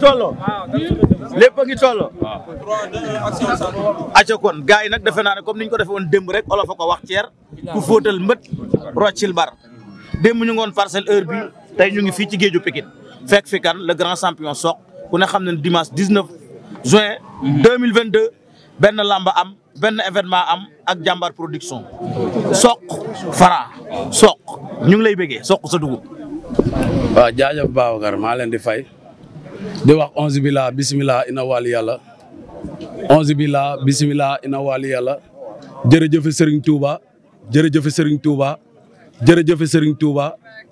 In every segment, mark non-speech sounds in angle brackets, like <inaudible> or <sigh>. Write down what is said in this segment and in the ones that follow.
tolloo ah, lépp a ngi tolloo ah. aca kon yi nag defe naa ne comme niñ ko defe woon démb rek olof a ko wax ceer ku fóotal mbët roccil bar démb ñu ngoon parcelle heure bi tey ñu ngi fii ci géeju Pikine fekk fi kan le grand champion Sokh ku ne xam ne dimanche 19 juin 2022 benn lamba am benn événement am ak jàmbaar production Sokh Fara Sokh ñu ngi lay bëggee Sokh sa dugub waaw jaajëf Babacar maa leen di fay di wax onze bila bisimilah ina waali yàlla onze bila bisimilah ina waali yàlla jërëjëfe Serigne Touba jërëjëfe Serigne Touba jërëjëfe Serigne Touba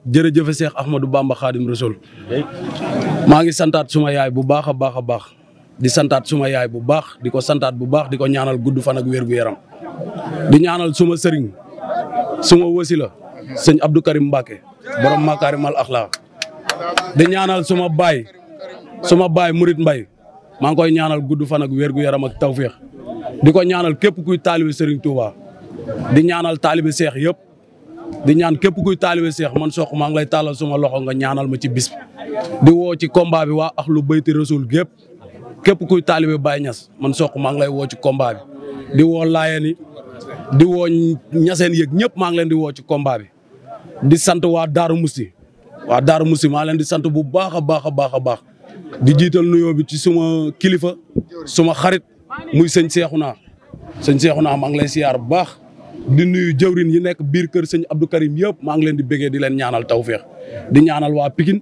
jërëjëfe Cheikh Ahmadou Bamba Khadim Rasoul maa ngi santaat suma yaay bu baax a baax a baax di santaat suma yaay bu baax di ko santaat bu baax di ko ñaanal gudd fan ak wér gu yaram di ñaanal suma sëriñ suma wasila sëñ Abdou Karim Mbacke borom Makaarimal Axlaa di ñaanal suma baay suma baay Murit Mbay maa ngi koy ñaanal gudd fan ak wér gu yaram ak tawféex di ko ñaanal képp kuy taalibe Serigne Touba di ñaanal taalibe seex yëpp di ñaan képp kuy taalibe seex man sox maa ngi lay tàllal suma loxo nga ñaanal ma ci bis di woo ci combat bi waa Axlu Bayti resul gépp képp kuy taalibe baay Ñas man sox maa ngi lay woo ci combat di woo Laayeen yi di woo ñaseen yëg ñëpp maa ngi leen di woo ci combat bi di sant waa daar Musti waa Daaru Musti maa leen di sant bu baax a baax a baax a baax di jiital nuyoo bi ci suma kilifa suma xarit muy sëñ Seexuna sëñ Seexuna maa ngi lay siyaar bu baax di nuyu jëwrin yi nekk biir kër sëñ Abdou Karim yëpp maa ngi leen di bëggee di leen ñaanal tawféex di ñaanal waa Pikine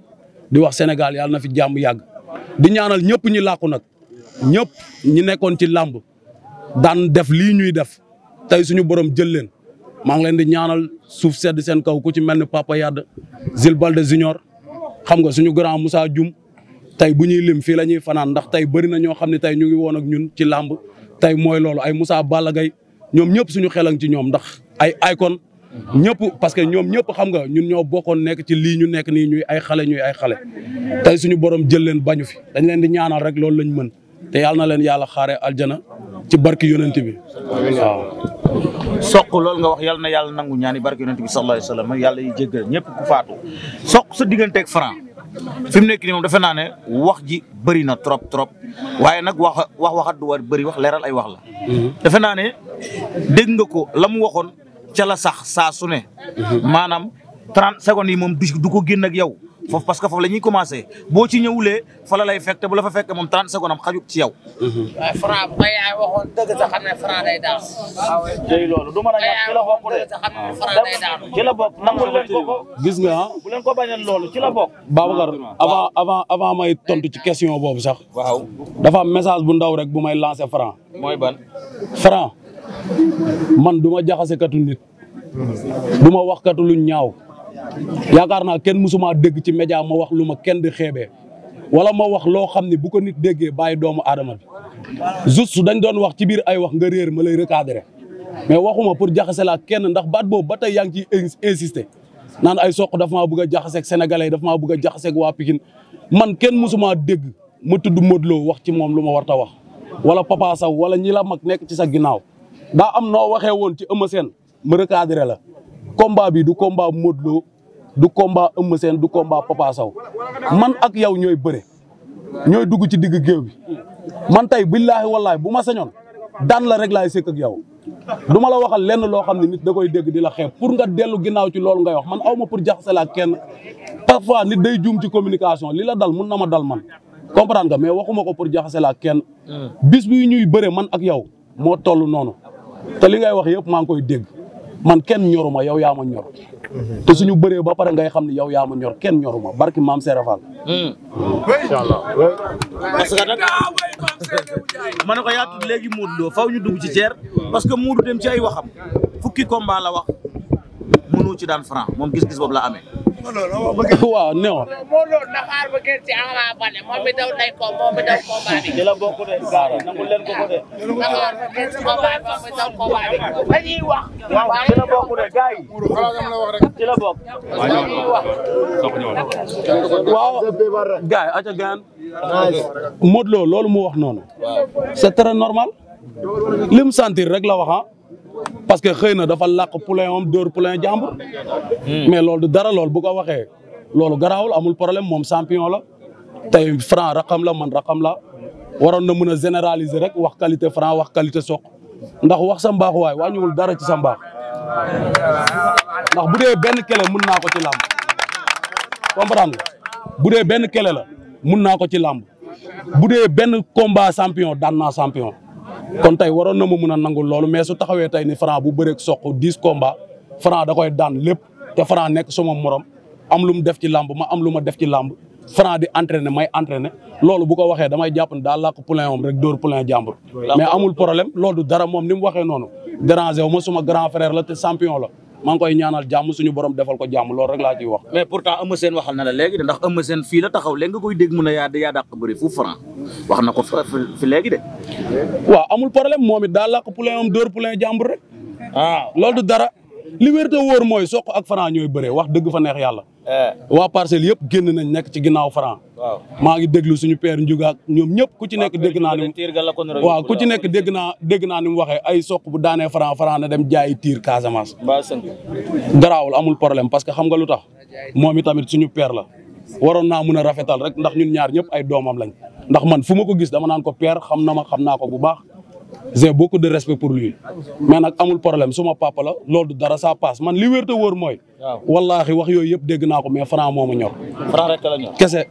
di wax Sénégal yàlla na fi jàmm yàgg di ñaanal ñëpp ñi làqu nag ñëpp ñi nekkoon ci làmb daan def lii ñuy def tey suñu borom jël leen maa ngi leen di ñaanal suuf sedd seen kaw ku ci mel ni Papa Yade Zil Balde Junior xam nga suñu grand Moussa Dioum tey bu ñuy lim fii la ñuy fanaan ndax tey bëri na ñoo xam ne tey ñu ngi woon ak ñun ci làmb tey mooy loolu ay Moussa Balla Gaye ñoom ñëpp suñu xelang ci ñoom ndax ay icône ñëpp parce que ñoom ñëpp xam nga ñun ñoo bokkoon nekk ci lii ñu nekk nii ñuy ay xale ñuy ay xale tey suñu borom jël leen bañu fi dañ leen di ñaanal rek loolu lañ mën te yàlla na leen yàlla xaare aljana ci barki yonent bi waaw soq loolu nga wax yàlla na yàlla nangu ñaani barki yonent bi sallallahu alayhi wasallam yàlla yi jéggal ñëpp ku faatu soq sa digganteeg franc fi mu nekk nii moom defe naa ne wax ji bëri na trop trop waaye nag wax wax waxat du war bëri wax leeral ay wax la. Mhm. defe naa ne dégg nga ko la mu waxoon ca la sax saa su ne. Mhm. maanaam 30 secondes yi moom du ko génn ak yow. foofu parce que foofu la ñuy commencé boo ci ñëwulee fa la lay fekk te bu la fa fekk moom 30 secondes am xajut ci yow. waaye Franc bu ko yaay waxoon dëgg sa ah bokk nangul leen ko ko. gis nga ah ko bañal loolu ci bokk. Babacar avant avant may tontu ci question boobu sax. waaw dafa am message bu ndaw rek bu may lancé Franc. mooy ban. Franc man du jaxase katu nit. du wax katu lu ñaaw. yaakaar naa kenn mësuma dégg ci média ma wax lu ma kenn di xeebee wala ma wax loo xam ne bu ko nit déggee bàyyi doomu aadama bi juste dañ doon wax ci biir ay wax nga réer ma lay recadrer mais waxuma pour jaxase laa kenn ndax baat boobu ba tey yaa ngi ciy insister naan ay soq dafa ma bëgg a jaxaseeg sénégalais dafa ma bëgg a jaxaseeg waa Pikine man kenn mësuma dégg ma tudd Modou Lo wax ci moom lu ma war ta wax wala Papa Sow wala ñi la mag nekk ci sa ginnaaw daa am noo waxee woon ci Eumeu Sène ma recadrer la combat bi du combat Modou du combat Eumeu Sène du combat Papa Sow man ak yow ñooy bëre ñooy dugg ci digg géew bi man tey billaahi wallaahi bu ma sañoon daan la rek laay sekk ak yow du ma la waxal lenn loo xam ne nit da koy dégg di la xeeb pour nga dellu ginnaaw ci loolu ngay wax man aw ma pour jaxase la kenn parfois nit day juum ci communication li la dal mun na ma dal man comprendre nga mais waxuma ko pour jaxase la kenn hmm. bis bi ñuy bëre man ak yow moo toll noonu te li ngay wax yëpp maa ngi koy dégg man kenn ñoruma yow yaa ma ñor te suñu bëree ba pare ngay xam ne yow yaa ma ñor kenn ñoruma barki maam Serap Fall. incha allah. parce que nag ma ne ko yaa tudd léegi Modou Lo ñu dugg ci ceer parce que Modou dem ci ay waxam fukki combat la wax mënu ci daan franc moom gis-gis boobu la amee. waaw non. Modou Lo xaar ba gën ci Ama Baldé moom mi daw nay ko moom mi daw combat bi. dina bokk de gaara nangul leen ko ko de. xaar ba gën ci combat bi moom mi daw combat bi. dañuy wax. waaw dina bokk de gars yi. dina bokk. waaw gars yi aca gaan. Modou Lo loolu mu wax noonu. c'est très normal. lim sentir rek la wax ah. parce que xëy na dafa làq poulain am dóor poulain jàmbur. Hmm. mais loolu du dara lool bu ko waxee loolu garaawul amul problème moom champion la tey franc raqam la man raqam la waroon na mën a généraliser rek wax qualité franc wax qualité sok ndax wax sa mbaax waay wàññiwul dara ci sa ndax bu dee benn kele mën naa ko ci lamb comprendre nga dee benn kele la mun naa ko ci lamb bu dee benn combat sampion daan naa champion. kon tey waroon na ma mun a nangul loolu mais su taxawee tey ni Franc bu bëreeg soq dix combat Franc da koy daan lépp te Franc nekk suma morom am lu mu def ci làmb ma am lu ma def ci làmb Franc di entraîner may entraîner loolu bu ko waxee damay jàpp ne daa làkk poulain moom rek dóor poulain jàmbur mais amul problème loolu dara moom ni mu waxee noonu déranger wu ma suma grand frère la te champion la maa ngi koy ñaanal jàmm suñu borom defal ko jàmm lool rek laa ciy wax. mais pourtant Eumeu Sène waxal na la léegi de ndax Eumeu Sène fii taxaw léegi koy dégg mu ne yaa yaa fu franc wax na ko fi léegi de. waaw amul problème moom it daa làkk poulain am dóor poulain jàmbur rek. ah loolu du dara li wér te wóor mooy Sokh ak Franc ñooy bëree wax dëgg fa neex yàlla Eh. waa parcelle yëpp génn nañ nekk ci ginnaaw Franc maa ngi déglu suñu père Ndiouga ak ñoom ñëpp ku ci nekk dégg naa ni waaw ku ci nekk dégg naa dégg naa ni mu waxee ay soq bu daanee Franc Franc na dem jaayi tiir Casamance garaawul amul problème parce que xam nga lu tax moom i tamit suñu père la waroon naa mun a rafetal rek ndax ñun ñaar ñëpp ay doomam lañ ndax man fu ma ko gis dama naan ko père xam na ma xam naa ko bu baax j'ai beaucoup de respect pour lui mais nag amul problème suma papa la loolu du dara sa passe man li wér te wóor mooy. waaw wallaahi wax yooyu yëpp dégg naa ko mais Franc moo ma ñor. kese.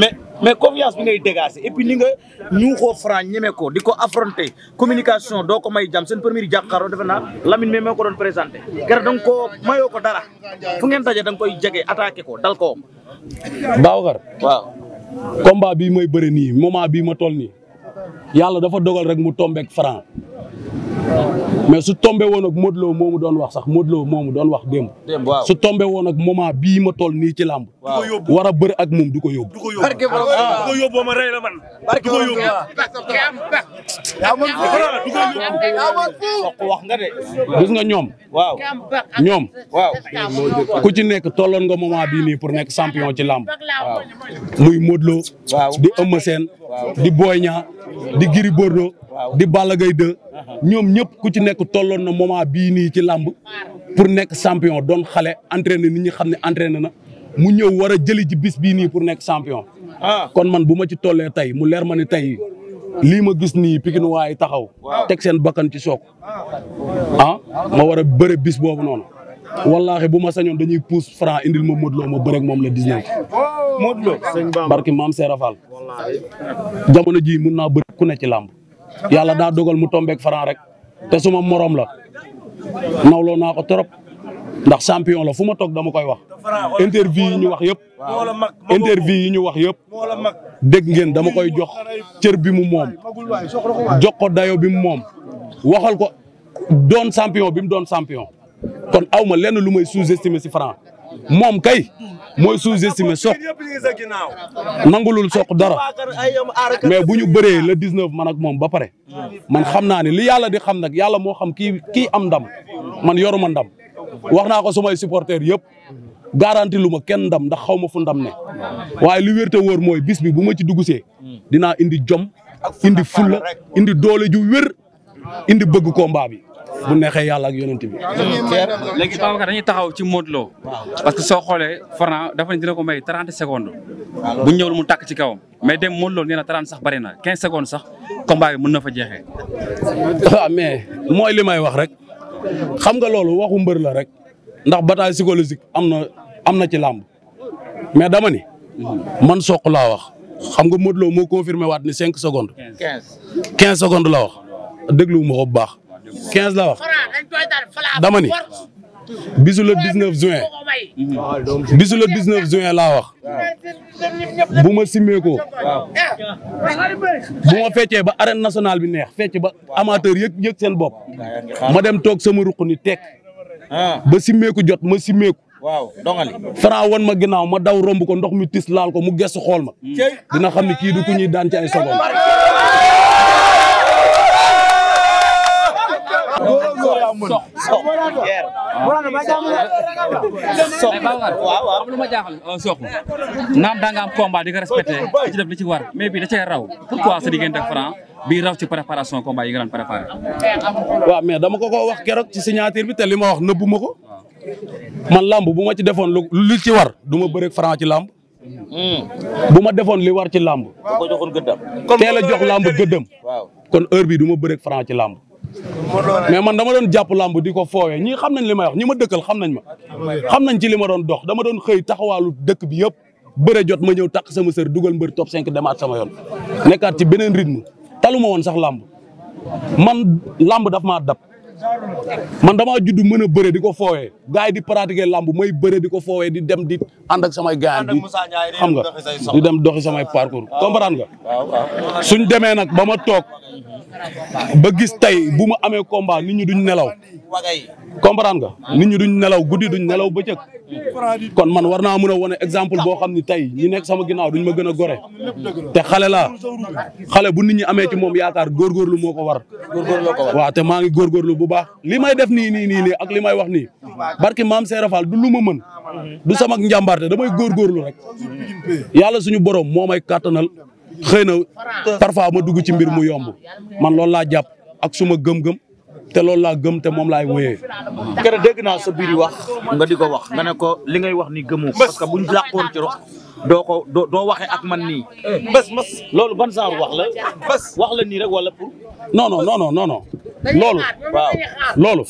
mais mais confiance bi ngay dégager et puis ni nga ñu xoo Franc ñeme ko di ko affronter communication do ko may jàmm seen premier jàkkaarloo defe naa Lamine mais moo ko doon présenté. keroog da nga koo ko dara fu ngeen daje da koy jege attaqué ko dal ko. Babacar waaw. combat bii may bëri nii moment bii ma toll nii. yàlla dafa dogal rek mu tombeek Franc mais su tombé woon ak Modou Lo moomu doon wax sax Modou Lo moomu doon wax démb. su tombé woon ak moment bii ma toll nii ci làmb. waaw war a bëri ak moom du ko yóbbu. du ko yóbbu ah du ko yóbbu ma rey la man. du ko yóbbu. wax nga de. gis nga ñoom. waaw ñoom. waaw ku ci nekk tolloon nga moment bii nii pour nekk champion ci làmb. waaw muy Modou Lo. waaw di Eumeu Sène. di Boy Niang di Gris Bordeaux. di Balla Gaye 2. ñoom ñëpp ku ci nekk tolloon na moment bii nii ci làmb pour nekk champion don xale entraîné ni ñi xam ne entraîné na mu ñëw war a jëli ci bis bii nii pour nekk champion. Ah. kon man bu ma ci tollee tey mu leer ma ne tey lii ma gis nii Pikine waay taxaw. teg seen bakkan ci soog ah ma war a bëre bis boobu noonu. wallaahi bu ma sañoon dañuy pousse franc ma Modou Lo moom la 19. Modou Lo barki maam Serafal. jamono jii mun naa bëri ku ne ci làmb. yàlla daa dogal mu tombeek Franc rek te suma morom la nawloo naa ko trop ndax champion la fu ma toog dama koy wax interview yi ñu wax yëpp interview yi ñu wax yëpp dégg ngeen dama koy jox cër bi mu moom jox ko dayo bi mu moom waxal ko doon champion bi mu doon champion kon awma lenn lu may sous-estimer si Franc moom kay mooy sous-estimé soq nangulul soq dara mais bu ñu bëree le 19 man ak moom ba pare man xam naa ne li yàlla di xam nag yàlla moo xam kii kii am ndam man yoruma ndam wax naa ko sumay supporters yëpp garanti lu ma kenn ndam ndax xaw ma fu ndam ne waaye li wér te wóor mooy bis bu ma ci dugusee dinaa indi jom indi fulla indi doole ju wér indi bëgg combat bi bu neexee yàlla ak yonent bi. léegi Babacar dañuy taxaw ci Modou Lo. parce que soo xoolee Franc dafa ne dina ko may 30 secondes. bu ñëwul mu tàkk ci kawam mais dem Modou Lo nee na 30 sax bari na 15 secondes sax combat bi mën na fa jeexee. waaw ah, mais mooy limay wax rek xam nga loolu waxu mbër la rek ndax bataille psychologique am na am na ci làmb mais damani man soq laa wax. xam nga Modou Lo moo confirmé waat ni cinq secondes. quinze quinze secondes la wax déglu ma ko 15 la wax dama bisu le 19 juin bisu le 19 juin laa wax bu ma simmee bu ma feccee ba arène national bi neex fecc ba amateur yëg yëg seen bopp ma dem toog sama ruq ni tekk ba simmeeku jot ma simmeeku waaw dongali Franc wan ma ginnaaw ma daw romb ko ndox mi tis laal ko mu gesu xool ma dina xam ne kii du ku daan ci sogon waaw lu ma jaaxal sox naam da nga am combat di ko respecté ci def li ci war mais bi da cee raw pourquoi sa diggante Franc bi raw ci préparation combat yi nga préparé waaw mais dama ko ko wax keroog ci signature bi te li ma wax nëbbu ma ko man lamb bu ma ci defoon lu ci war du ma bëreeg ci lamb hmm. bu ma defoon li war ci lamb teel jox lamb gëddëm kon heure bi du ma bëreeg Franc ci làmb mais man dama doon jàpp làmb di ko foowee ñii xam nañ li ma wax ñi ma dëkkal xam nañ ma xam nañ ci li ma doon dox dama doon xëy taxawalu dëkk bi yëpp bëre jot ma ñëw takk sama sër dugal mbër top 5 demaat sama yoon nekkaat ci beneen rythme talu ma woon sax lamb man làmb daf ma dab man damaa judd mën a bëre di ko foowee gars yi di pratiquer làmb may bëre di ko foowee di dem di ànd ak samay gars di xam nga di dem doxi samay parcours comprendre nga suñ demee nag ba ma toog ba gis tey bu ma amee combat ni ñu duñ nelaw comprendre nga ni ñu duñ nelaw guddi duñ nelaw bëccëg kon man war naa mën a wane exemple boo xam ni tey ñi nekk sama ginnaaw duñ ma gën a gore te xale laa xale bu nit ñu amee ci moom yaakaar góorgóorlu moo ko war waaw te maa ngi góorgóorlu bu baax li may def nii nii nii nii ak li may wax nii barki maam Seera Fall du lu ma mën du sama njàmbaarte damay góorgóorlu rek yàlla suñu borom moo may kàttanal xëy na ma dugg ci mbir mu yomb man loolu laa jàpp ak suma gëm-gëm te loolu laa gëm te moom laay wéyee. keroog dëgg naa sa biir wax nga di ko wax nga ne ko li ngay wax ni gëmoo parce que buñ làqoon ci rox doo ko doo doo waxee ak man nii. bés bés loolu ban genre wax la bés wax la nii rek wala pour. non non non non loolu. waaw loolu.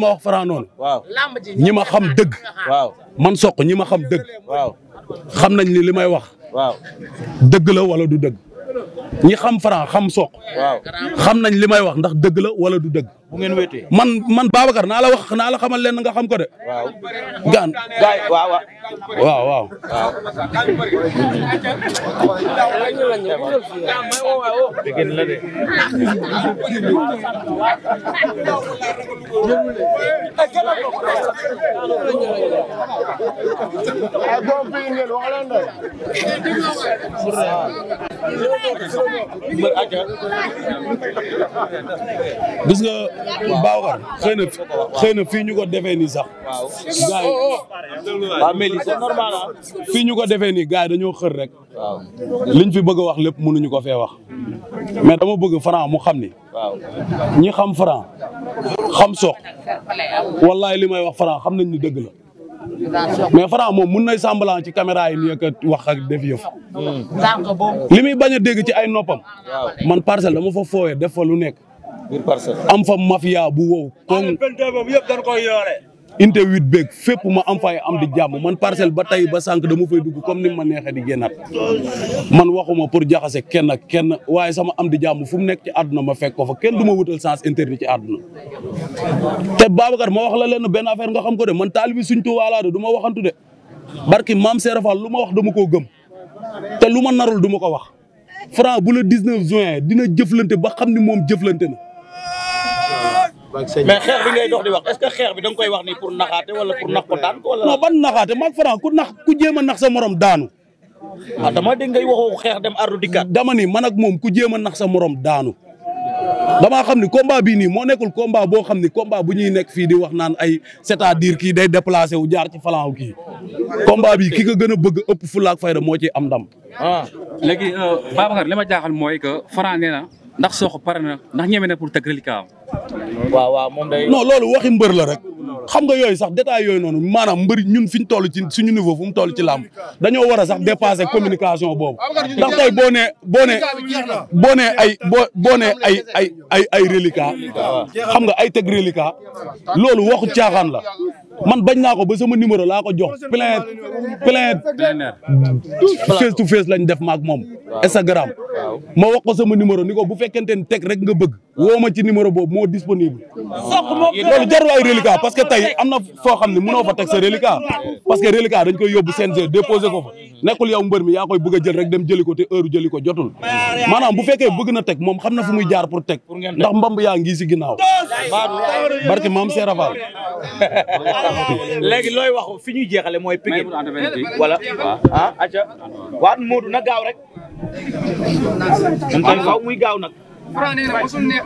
ma wax Franc noonu. waaw ñi ma xam dëgg. waaw man soq ñi ma xam dëgg. xam nañ li may wax. waaw dëgg la wala du dëgg ñi xam Franc xam Sokh waaw xam nañ li may wax ndax dëgg la wala du dëgg bu ngeen wéetee man man Babacar naa la wax naa la xamal leen nga xam ko de. waaw gaan gaay waaw waaw waaw. gis nga. Babacar xëy na xëy fii ñu ko defee nii sax. gars oh, oh, oh. ñu ko defee nii gars yi dañoo xër rek. liñ fi bëgg a wax lépp mënuñu ko fee wax. mais dama bëgg Franc mu xam ni. ñi xam Franc xam Sokh wallahi li may wax Franc xam nañ ni dëgg la. mais Franc moom mun nay semblant ci caméra yi nii wax ak def yëf. Hmm. li muy bañ a dégg ci ay noppam. man parcelle dama fa fooyee def fa lu nekk. am fa mafia bu wow. kon yëpp dañ koy ma am fay am di jàmm man parcelle ba tey ba sànq dama fay dugg comme ni ma neexee di génnaat man waxuma pour jaxase kenn ak kenn waaye sama am di jàmm fu mu nekk ci àdduna ma fekk ko fa kenn du ma wutal sens interdit ci àdduna. te Babacar ma wax la leen benn affaire nga xam ko de man taalibi Sëriñ Tuubaa laa de du ma waxantu de barki maam Serap Fall lu ma wax dama koo gëm te lu ma narul du ma ko wax Franc bu la 19 juin dina jëflante ba xam ni moom jëflante na. mais xeex bi ngay dox di wax est ce que xeex bi da nga koy wax nii pour naxaate wala pour nax ko daan ko wala. ban naxaate maag Franc ku nax ku a nax sa morom daanu. ah dama dégg ngay waxoo xeex dem ardu dikkaat. dama ni man ak moom ku jéem a nax sa morom daanu. damaa xam ni combat bii nii moo nekkul combat boo xam ni combat bu ñuy nekk fii di wax naan ay c'est-à-dire kii day déplacé wu jaar ci falan wu kii. combat bi ki ka gën a bëgg ëpp fulla ak fayda moo ci am ndam. a ah. léegi euh, Babacar li a jaaxal mooy que Franc nee ndax Sokh pare na ndax ñeme na pour teg reliquat am. waaw waaw moom day. non loolu waxi mbër la rek xam nga yooyu sax détail yooyu noonu maanaam mbër ñun fi ñu toll ci suñu niveau fu mu toll ci làmb dañoo war a sax dépasser communication boobu ndax tey boo nee boo ay boo boo ay ay ay ay reliquat xam nga ay teg reliquat loolu waxu caaxaan la. man bañ naa ko ba sama numéro laa ko jox plainte plainte face to face lañ def maak moom Instagram ma wax ko sama numéro ni ko bu fekkente ni teg rek nga bëgg woo ma ci numéro boobu moo disponible loolu jarul ay reliquat parce que tey am na foo xam ne mënoo fa teg sa reliquat parce que reliquat dañ koy yóbbu CNG déposé ko fa nekkul yow mbër mi yaa koy bëgg a jël rek dem jëli ko te heure jëli ko jotul maanaam bu fekke bëgg na teg moom xam na fu muy jaar pour teg ndax mbamb yaa ngi si ginnaaw barke maam Serafal <laughs> léegi looy wax fi ñuy jeexale mooy Pikine wala ah aca ah, waa Modou na gaaw rek moom tam muy gaaw nag Franc nee na mosul neex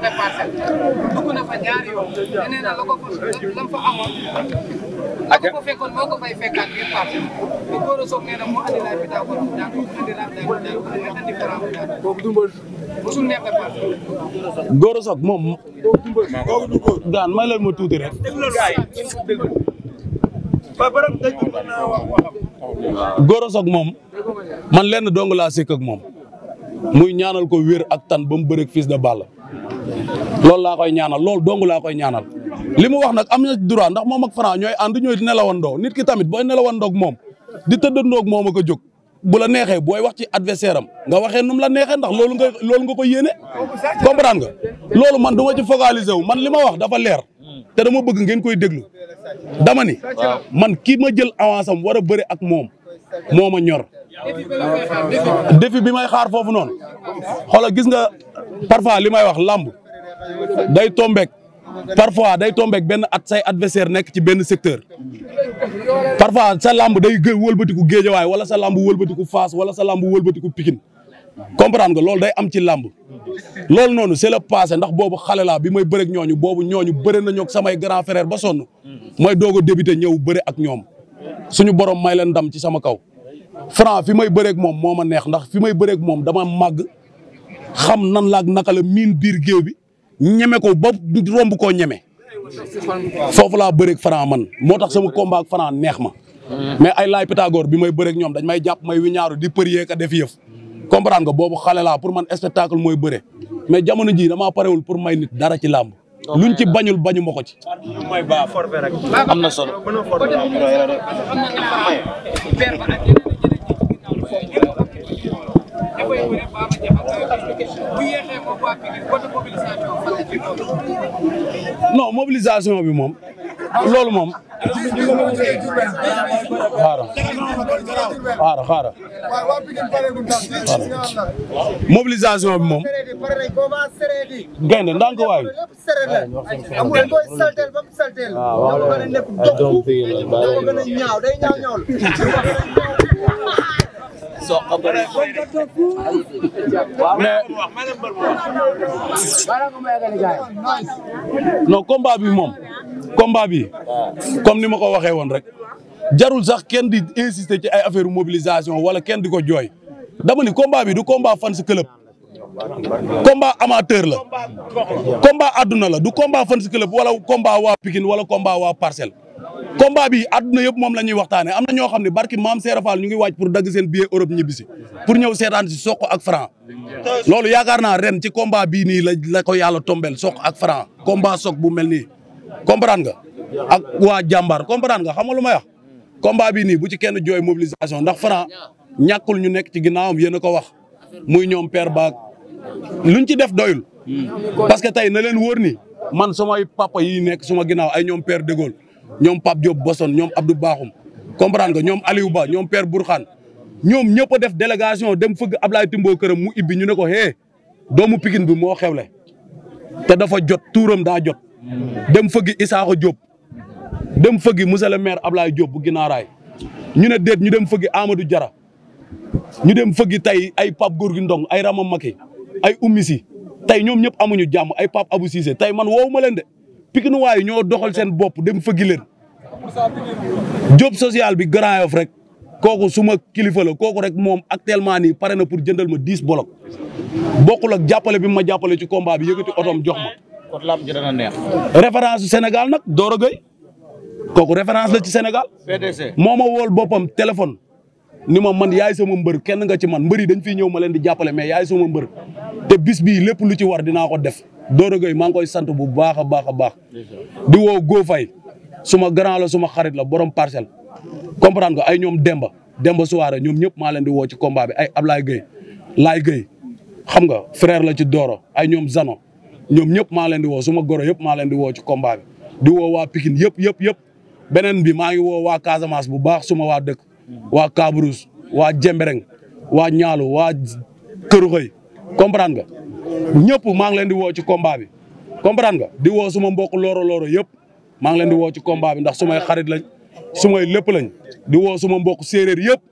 la moom daan leen ma tuuti rek dong laa moom muy ñaanal ko wér ak tan ba mu bëreeg fils de Balla loolu laa koy ñaanal loolu dong laa koy ñaanal li mu wax nag am na droit ndax moom ak Franc ñooy ànd ñooy nelawandoo nit ki tamit booy nelawandoog moom di tëddandoog moom ak a jóg bu la neexee booy wax ci adversaire am nga waxee nu mu la neexee ndax loolu nga loolu nga ko yéene comprendre nga loolu man duma ci focaliser wu man li ma wax dafa leer te dama bëgg ngeen koy déglu dama ni man kii ma jël avance am war a bëre ak moom moo ma ñor défi bi may xaar foofu noonu xoolal gis nga parfois li may wax làmb day tombeek parfois day tombeek benn at say adversaire nekk ci benn secteur parfois sa làmb day gë wëlbatiku waay wala sa làmb wëlbatiku faas wala sa làmb wëlbatiku pikin comprend nga loolu day am ci làmb loolu noonu c'est le ndax boobu xale bi may bëreeg ñooñu boobu ñooñu bëre na ñoog samay grand frère ba sonn mooy doog a ñëw bëre ak ñoom suñu borom may leen ndam ci sama kaw Franc fi may bëreek moom moo ma neex ndax fi may bëreek moom dama màgg xam nan laak naka la miin biir géew bi ñeme ko ba romb koo ñeme. foofu laa bëreeg Franc man moo tax sama combat ak Franc neex ma. mais ay laay Pythagore bi may bëreeg ñoom dañ may jàpp may wi ñaaru di përiyee ka def yëf. comprendre nga boobu xale laa pour man spectacle mooy bëre mais jamono ji damaa parewul pour may nit dara ci làmb ñu ci bañul bañu ma ko ci. am na solo. koy wane Baba Diaw bu moom waa Pikine bi moom loolu moom. xaaral xaaral xaaral bi moom. gaynde ndànk waay. soqa bëri non combat bi moom combat bi comme ni ma ko waxee woon rek jarul sax kenn di insister ci ay affaire mobilisation wala kenn di ko jooy dama ni combat bi du combat fans club combat amateur la combat adduna la du combat fans club wala combat waa Pikine wala combat waa Parcelles combat bi àdduna yëpp moom la ñuy waxtaanee am na ñoo xam ne barki maam Serap Fall ñu ngi waaj pour dagg seen billet Europe ñibbisi pour ñëw seetaan si Sokh ak Franc loolu yaakaar naa ren ci combat bii nii la ko yàlla tombel Sokh ak Franc combat Sokh bu mel ni comprendre nga ak waa jàmbaar comprendre nga xam nga lu may wax combat bii nii bu ci kenn jooy mobilisation ndax Franc ñàkkul ñu nekk ci ginnaawam yéen a ko wax muy ñoom père lu luñ ci def doyul hmm. parce que tey na leen wóor ni man sumay papa yi nekk suma ginnaaw ay ñoom père de ñoom Pape Diop Boson ñoom Abdou Bakhoum comprendre ñoom Aliou Ba ñoom Père Bourkhane ñoom ñëpp def délégation dem fëgg Ablaye Timbo këram mu ibbi ñu ne ko hé doomu Pikine bi moo xewle te dafa jot tuuram daa jot dem fëggi Isaaxa Diop dem fëggi monsieur le maire Ablaye Diop bu ginaaraay ñu ne déet ñu dem fëggi Amadou Jara ñu dem fëggi tey ay Pape Gorgui Ndong ay Rama Maki ay Oumy Sy tey ñoom ñëpp amuñu jàmm ay Pape Abou Cissé tey man woowu ma leen de Pikine waayu ñoo doxal seen bopp dem fëggi leen job social bi Grand Yoff rek kooku suma kilifa la kooku rek moom actuellement nii pare na pour jëndal ma dix bolok bokkul ak jàppale bi ma jàppale ci combat bi yëkkati otom jox ma. kon lamb ji dana neex. référence Sénégal nag Doro Gueye kooku référence la ci Sénégal. PDC moo ma wool boppam téléphone. ni ma man yaay sama mbër kenn nga ci man mbër yi dañ fiy ñëw ma leen di jàppale mais yaay sama mbër te bis bii lépp lu ci war dinaa ko def Doro gay maa ngi koy sant bu baax a baax a baax di woo Gofay suma grand la suma xarit la borom parcelle comprendre ko ay ñoom Demba Demba Souare ñoom ñëpp maa leen di woo ci combat bi ay Ablaye Gueye Laye Gueye xam nga frère la ci dooro ay ñoom Zano ñoom ñëpp maa leen di woo suma goro yëpp maa leen di woo ci combat di woo waa Pikine yëpp yëpp yëpp beneen bi maa ngi woo waa Casamance bu baax suma waa dëkk waa Kabrousse waa Jembereng waa ñaalu waa Kër Xëy comprendre nga ñëpp maa ngi leen di woo ci combat bi comprendre nga di woo suma mbokk looro looro yëpp maa ngi leen di woo ci combat bi ndax sumay xarit lañ sumay lépp lañ di woo suma mbok séeréer yëpp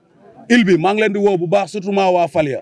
il bi maa ngi leen di woo bu baax surtout maa waa Falia